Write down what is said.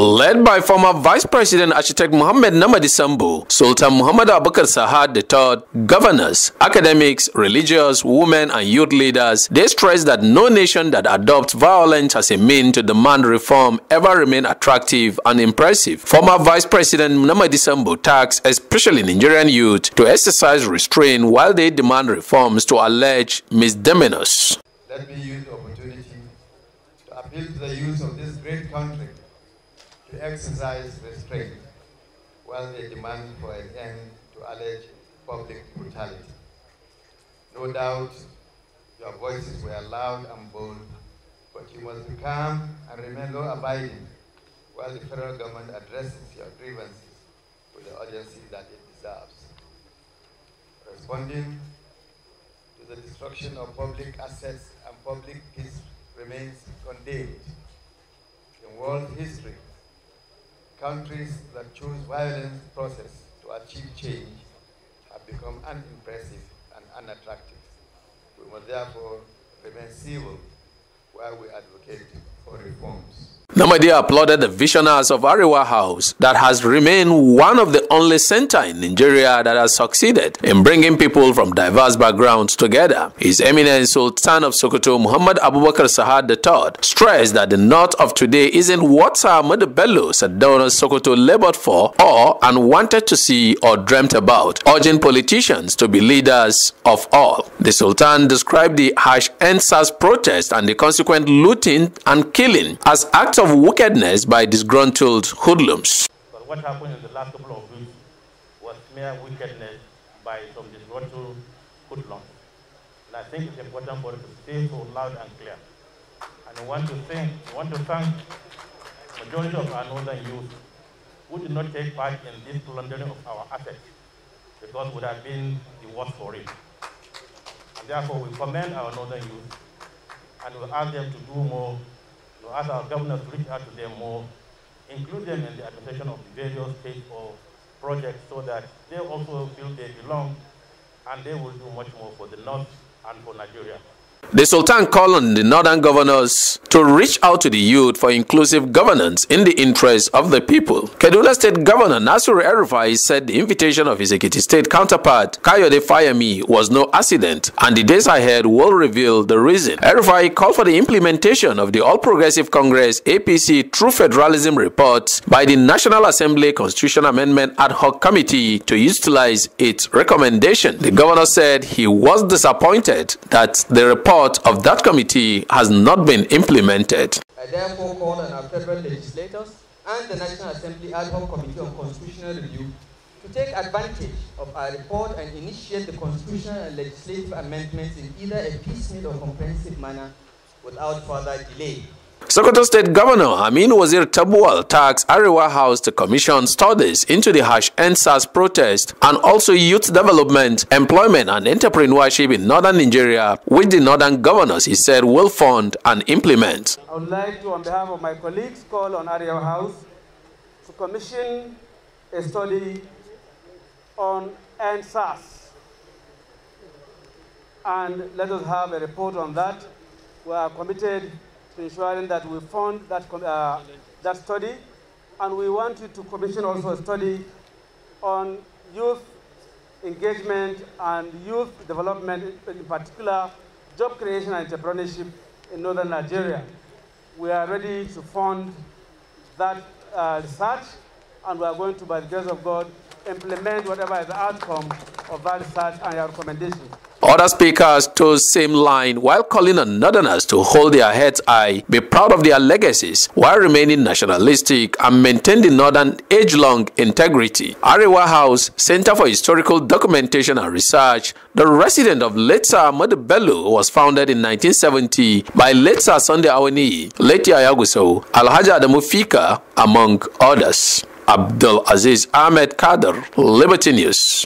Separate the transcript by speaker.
Speaker 1: led by former Vice President Architect Mohammed Namadi Sambo, Sultan Muhammad Abubakar Sahad III, governors, academics, religious, women, and youth leaders, they stress that no nation that adopts violence as a mean to demand reform ever remain attractive and impressive. Former Vice President Namadi Sambo tags, especially Nigerian youth, to exercise restraint while they demand reforms to allege misdemeanors.
Speaker 2: Let me use the opportunity to appeal to the youth of this great country to exercise restraint while they demand for an end to alleged public brutality. No doubt your voices were loud and bold, but you must be calm and remain law-abiding while the federal government addresses your grievances with the urgency that it deserves. Responding to the destruction of public assets and public peace remains condemned in world history Countries that choose violence process to achieve change have become unimpressive and unattractive. We must therefore remain
Speaker 1: civil while we advocate for reforms. Namadi applauded the visionaries of Ariwa House that has remained one of the only center in Nigeria that has succeeded in bringing people from diverse backgrounds together. His Eminence Sultan of Sokoto, Muhammad Abubakar Sahad III, stressed that the North of today isn't what Ahmed Bello Sadona Sokoto labored for or and wanted to see or dreamt about, urging politicians to be leaders of all. The Sultan described the harsh NSAS protest and the consequent looting and killing as acts of of wickedness by disgruntled hoodlums.
Speaker 3: But what happened in the last couple of weeks was mere wickedness by some disgruntled hoodlums. And I think it's important for us to say so loud and clear. And I want to thank, I want to thank the majority of our northern youth who did not take part in this plundering of our assets because it would have been the worst for it. And therefore, we commend our northern youth and we ask them to do more to ask our governors to reach out to them more, include them in the administration of the various state or projects so that they also feel they belong and they will do much more for the North and for Nigeria. The
Speaker 1: Sultan called on the northern governors to reach out to the youth for inclusive governance in the interest of the people. Kaduna State Governor Nasir Erufai said the invitation of his Ekiti State counterpart Kayode Fayemi was no accident and the days ahead will reveal the reason. Erufai called for the implementation of the All Progressive Congress APC True Federalism Report by the National Assembly Constitution Amendment Ad Hoc Committee to utilize its recommendation. The governor said he was disappointed that the report report of that committee has not been implemented. I therefore call on our federal legislators and the National Assembly Ad Hoc Committee on Constitutional Review to
Speaker 3: take advantage of our report and initiate the constitutional and legislative amendments in either a piecemeal or comprehensive manner without further delay.
Speaker 1: Sokoto State Governor Amin Wazir Tabual tags Arewa House to commission studies into the harsh NSAS protest and also youth development, employment and entrepreneurship in northern Nigeria, which the northern governors, he said, will fund and implement.
Speaker 3: I would like to, on behalf of my colleagues, call on Arewa House to commission a study on NSAS. And let us have a report on that. We are committed Ensuring that we fund that, uh, that study, and we want you to commission also a study on youth engagement and youth development, in particular, job creation and entrepreneurship in northern Nigeria. We are ready to fund that uh, research, and we are going to, by the grace of God, implement whatever is the outcome of that research and your recommendations
Speaker 1: other speakers the same line while calling on northerners to hold their heads high, be proud of their legacies while remaining nationalistic and maintain the northern age-long integrity. Arewa House, Center for Historical Documentation and Research, the resident of Letsa Madibello was founded in 1970 by Letsa Sunday Awani, Leti Ayaguso, Alhaja Adamufika, among others. Abdul Aziz Ahmed Kader, Liberty News.